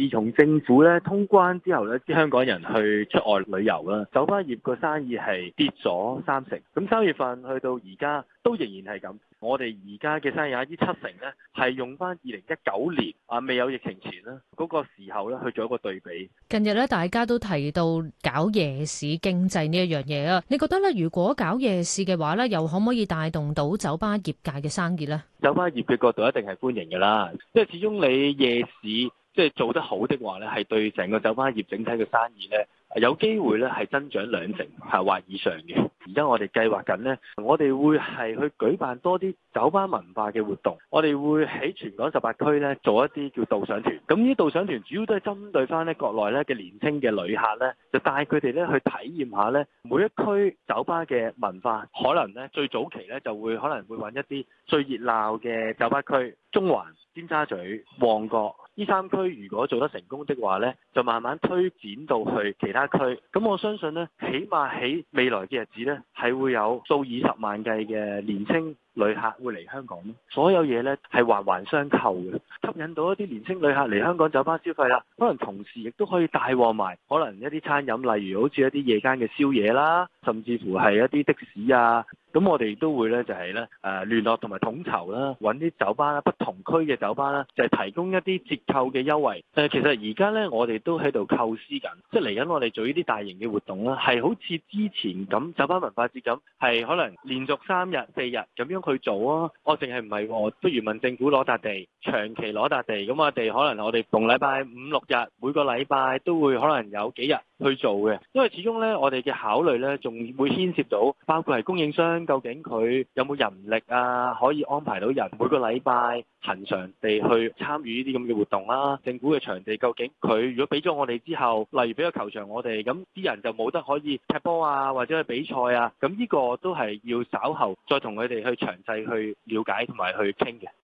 自從政府咧通關之後咧，啲香港人去出外旅遊啦，酒吧業個生意係跌咗三成。咁三月份去到而家都仍然係咁。我哋而家嘅生意有呢七成咧，係用翻二零一九年啊未有疫情前啦嗰個時候咧去做一個對比。近日咧，大家都提到搞夜市經濟呢一樣嘢啊，你覺得咧，如果搞夜市嘅話咧，又可唔可以帶動到酒吧業界嘅生意咧？酒吧業嘅角度一定係歡迎㗎啦，即係始終你夜市。即係做得好的話呢，係對整個酒吧業整體嘅生意呢，有機會呢係增長兩成吓或以上嘅。而家我哋計劃緊呢，我哋會係去舉辦多啲酒吧文化嘅活動。我哋會喺全港十八區呢做一啲叫導賞團。咁呢導賞團主要都係針對翻呢國內呢嘅年輕嘅旅客呢，就帶佢哋呢去體驗下呢每一區酒吧嘅文化。可能呢最早期呢就會可能會揾一啲最熱鬧嘅酒吧區，中環、尖沙咀、旺角。呢三區如果做得成功的話呢，就慢慢推展到去其他區。咁我相信呢，起碼喺未來嘅日子呢，係會有數以十萬計嘅年輕旅客會嚟香港。所有嘢呢係環環相扣嘅，吸引到一啲年輕旅客嚟香港酒吧消費啦。可能同時亦都可以帶旺埋可能一啲餐飲，例如好似一啲夜間嘅宵夜啦，甚至乎係一啲的士啊。咁我哋都會咧，就係咧，誒聯絡同埋統籌啦，揾啲酒吧啦，不同區嘅酒吧啦，就係、是、提供一啲折扣嘅優惠。誒其實而家咧，我哋都喺度構思緊，即係嚟緊我哋做呢啲大型嘅活動啦，係好似之前咁酒吧文化節咁，係可能連續三日、四日咁樣去做啊、哦。我淨係唔係我，不如問政府攞笪地，長期攞笪地，咁我哋可能我哋逢禮拜五六日，每個禮拜都會可能有幾日去做嘅，因為始終呢，我哋嘅考慮呢，仲會牽涉到包括係供應商究竟佢有冇人力啊，可以安排到人每個禮拜恆常地去參與呢啲咁嘅活動啦。政府嘅場地究竟佢如果俾咗我哋之後，例如俾個球場我哋，咁啲人就冇得可以踢波啊，或者去比賽啊，咁呢個都係要稍後再同佢哋去詳細去了解同埋去傾嘅。